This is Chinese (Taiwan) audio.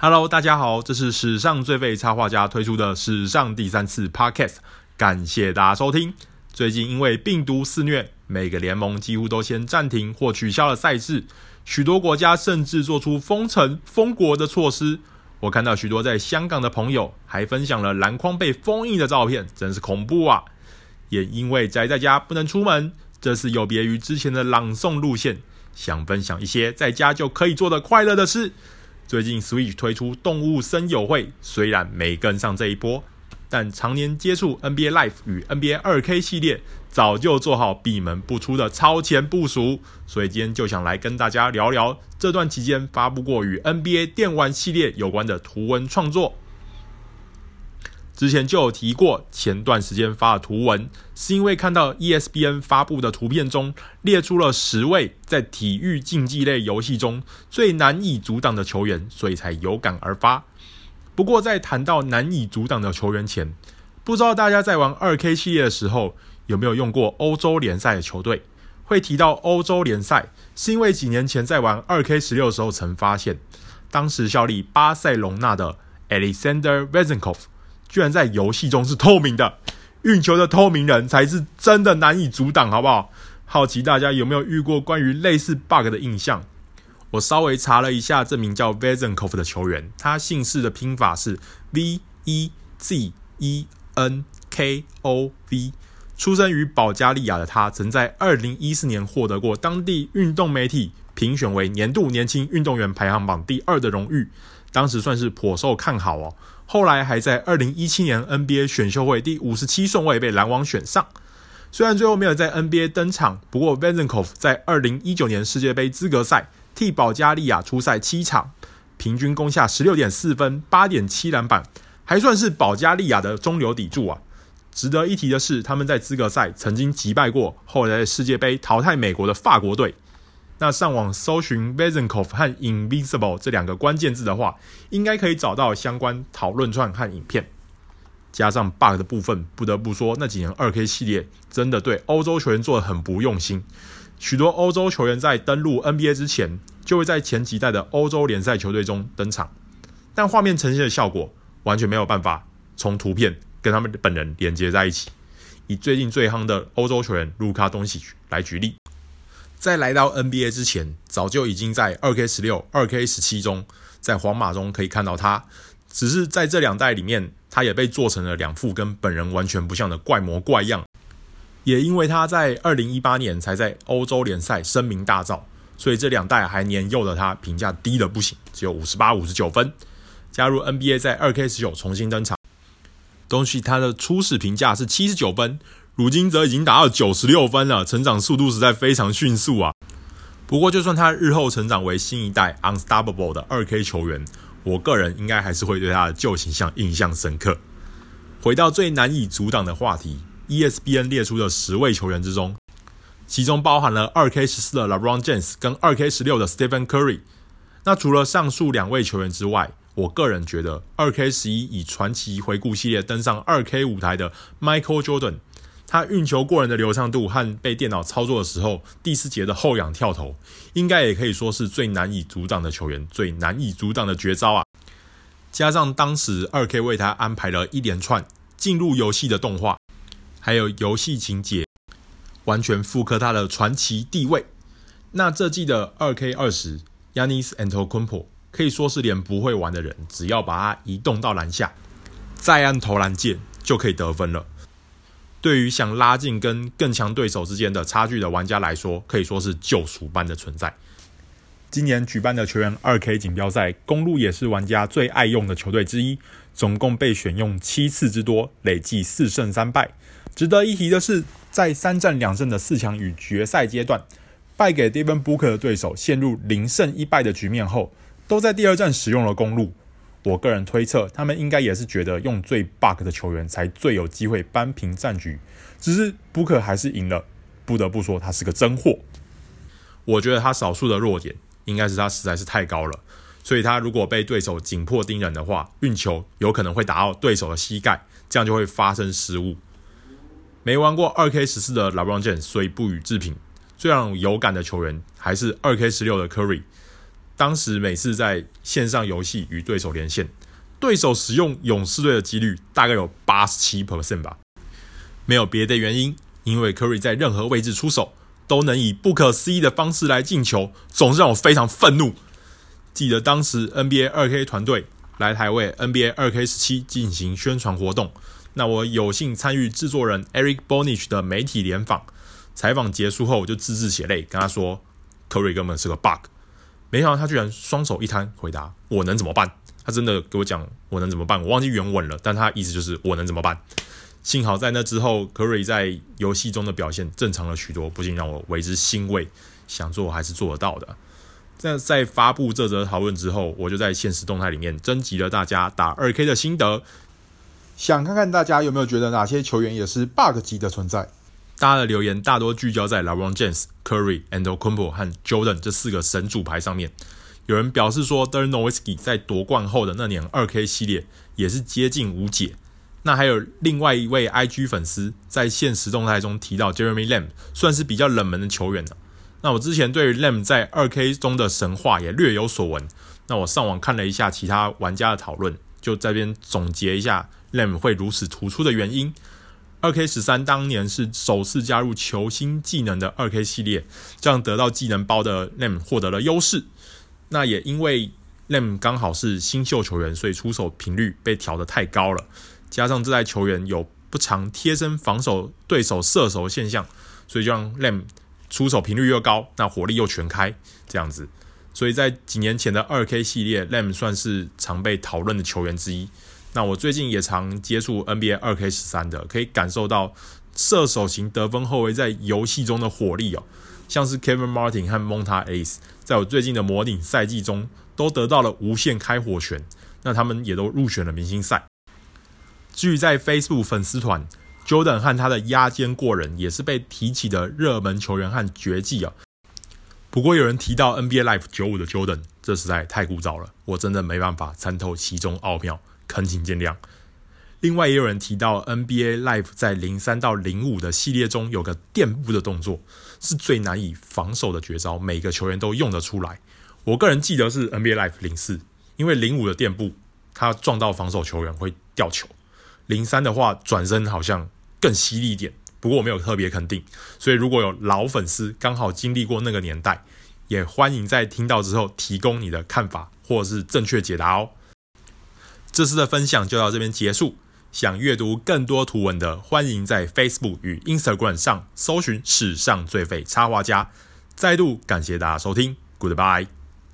Hello，大家好，這是史上最廢插畫家推出的史上第三次 Podcast，感謝大家收聽。最近因為病毒肆虐，每個聯盟幾乎都先暫停或取消了賽事，許多國家甚至做出封城、封國的措施。我看到許多在香港的朋友還分享了籃筐被封印的照片，真是恐怖啊！也因為宅在家不能出門，這次有別於之前的朗誦路線，想分享一些在家就可以做的快樂的事。最近 Switch 推出《動物森友會》，雖然沒跟上這一波，但常年接觸 NBA Live 與 NBA 2K 系列，早就做好閉門不出的超前部署。所以今天就想來跟大家聊聊這段期間發布過與 NBA 電玩系列有關的圖文創作。之前就有提過，前段時間發的圖文是因為看到 ESPN 發布的圖片中列出了十位在體育競技類遊戲中最難以阻擋的球員，所以才有感而發。不過在談到難以阻擋的球員前，不知道大家在玩 2K 系列的時候有沒有用過歐洲聯賽的球隊？會提到歐洲聯賽，是因為幾年前在玩 2K16 的時候曾發現，當時效力巴塞隆納的 Alexander Vezinkov。居然在遊戲中是透明的，運球的透明人才是真的難以阻擋，好不好？好奇大家有沒有遇過關於類似 bug 的印象？我稍微查了一下，這名叫 Vezenkov 的球員，他姓氏的拼法是 V E Z E N K O V，出生於保加利亞的他，曾在2014年獲得過當地運動媒體評選為年度年輕運動員排行榜第二的榮譽。當時算是頗受看好哦，後來還在二零一七年 NBA 選秀會第五十七順位被籃網選上。雖然最後沒有在 NBA 登場，不過 Vezenkov 在二零一九年世界盃資格賽替保加利亞出賽七場，平均攻下十六點四分、八點七籃板，還算是保加利亞的中流砥柱啊。值得一提的是，他們在資格賽曾經擊敗過後來世界盃淘汰美國的法國隊。那上網搜尋 Vezenkov 和 Invisible 這兩個關鍵字的話，應該可以找到相關討論串和影片。加上 bug 的部分，不得不說，那幾年 2K 系列真的對歐洲球員做的很不用心。許多歐洲球員在登陸 NBA 之前，就會在前幾代的歐洲聯賽球隊中登場，但畫面呈現的效果完全沒有辦法從圖片跟他們本人連接在一起。以最近最夯的歐洲球員盧卡東契奇來舉例。在來到 NBA 之前，早就已經在 2K16、2K17 中，在皇馬中可以看到他，只是在這兩代裡面，他也被做成了兩副跟本人完全不像的怪模怪樣。也因為他在2018年才在歐洲聯賽聲名大噪，所以這兩代還年幼的他評價低得不行，只有58、59分。加入 NBA 在 2K19 重新登場，東西他的初始評價是79分。如今則已經達到九十六分了，成長速度實在非常迅速啊！不過，就算他日後成長為新一代 unstoppable 的二 K 球員，我個人應該還是會對他的舊形象印象深刻。回到最難以阻擋的話題，ESPN 列出的十位球員之中，其中包含了二 K 十四的 LeBron James 跟二 K 十六的 Stephen Curry。那除了上述兩位球員之外，我個人覺得二 K 十一以傳奇回顧系列登上二 K 舞台的 Michael Jordan。他運球過人的流暢度和被電腦操作的時候，第四節的後仰跳投，應該也可以說是最難以阻擋的球員，最難以阻擋的絕招啊！加上當時二 K 為他安排了一連串進入遊戲的動畫，還有遊戲情節，完全複刻他的傳奇地位。那這季的二 K 二十，Yannis Antetokounmpo 可以說是連不會玩的人，只要把他移動到籃下，再按投籃鍵就可以得分了。對於想拉近跟更強對手之間的差距的玩家來說，可以說是救贖般的存在。今年舉辦的球員 2K 錦標賽，公鹿也是玩家最愛用的球隊之一，總共被選用七次之多，累計四勝三敗。值得一提的是，在三戰兩勝的四強與決賽階段，敗給 Devin Booker 的對手陷入零勝一敗的局面後，都在第二戰使用了公鹿。我個人推測，他們應該也是覺得用最 BUG 的球員才最有機會扳平戰局，只是布克還是贏了。不得不說，他是個真貨。我覺得他少數的弱點應該是他實在是太高了，所以他如果被對手緊迫盯人的話，運球有可能會打到對手的膝蓋，這樣就會發生失誤。沒玩過二 K 十四的 LeBron James，所以不予置評。最讓我有感的球員還是二 K 十六的 Curry。當時每次在線上遊戲與對手連線，對手使用勇士隊的幾率大概有八十七 percent 吧。沒有別的原因，因為 Curry 在任何位置出手都能以不可思議的方式來進球，總是讓我非常憤怒。記得當時 NBA 2K 團隊來台為 NBA 2K17 進行宣傳活動，那我有幸參與製作人 Eric Bonish 的媒體聯訪。採訪結束後，我就字字血淚跟他說：“Curry 根本是個 bug。”沒想到他居然雙手一攤，回答：“我能怎麼辦？”他真的給我講：“我能怎麼辦？”我忘記原文了，但他意思就是“我能怎麼辦？”幸好在那之後，科瑞在遊戲中的表現正常了許多，不禁讓我為之欣慰，想做還是做得到的。在在發布這則討論之後，我就在限時動態裡面徵集了大家打 2K 的心得，想看看大家有沒有覺得哪些球員也是 bug 級的存在。大家的留言大多聚焦在 LeBron James、Curry、Antetokounmpo 和 Jordan 這四個神主牌上面。有人表示說，Deron 諾維斯基在奪冠後的那年二 K 系列也是接近無解。那還有另外一位 IG 粉絲在現實動態中提到 Jeremy Lamb 算是比較冷門的球員了。那我之前對於 Lamb 在二 K 中的神話也略有所聞。那我上網看了一下其他玩家的討論，就在這邊總結一下 Lamb 會如此突出的原因。二 K 十三當年是首次加入球星技能的二 K 系列，這樣得到技能包的 Lam 獲得了優勢。那也因為 Lam 剛好是新秀球員，所以出手頻率被調得太高了。加上這代球員有不常貼身防守對手射手的現象，所以就讓 Lam 出手頻率又高，那火力又全開，這樣子。所以在幾年前的二 K 系列，Lam 算是常被討論的球員之一。那我最近也常接觸 NBA 2K13 的，可以感受到射手型得分後衛在遊戲中的火力哦。像是 Kevin Martin 和 Monta Ace 在我最近的模擬賽季中都得到了無限開火權。那他們也都入選了明星賽。至於在 Facebook 粉絲團，Jordan 和他的壓肩過人也是被提起的熱門球員和絕技哦、啊。不過有人提到 NBA Live 九五的 Jordan，這實在太古早了，我真的沒辦法參透其中奧妙。懇請見諒。另外，也有人提到 NBA Live 在零三到零五的系列中有個墊步的動作是最難以防守的絕招，每個球員都用得出來。我個人記得是 NBA Live 零四，因為零五的墊步它撞到防守球員會掉球。零三的話轉身好像更犀利一點，不過我沒有特別肯定。所以如果有老粉絲剛好經歷過那個年代，也歡迎在聽到之後提供你的看法或者是正確解答哦。這次的分享就到這邊結束。想閱讀更多圖文的，歡迎在 Facebook 與 Instagram 上搜尋“史上最廢插畫家”。再度感謝大家收聽，Goodbye。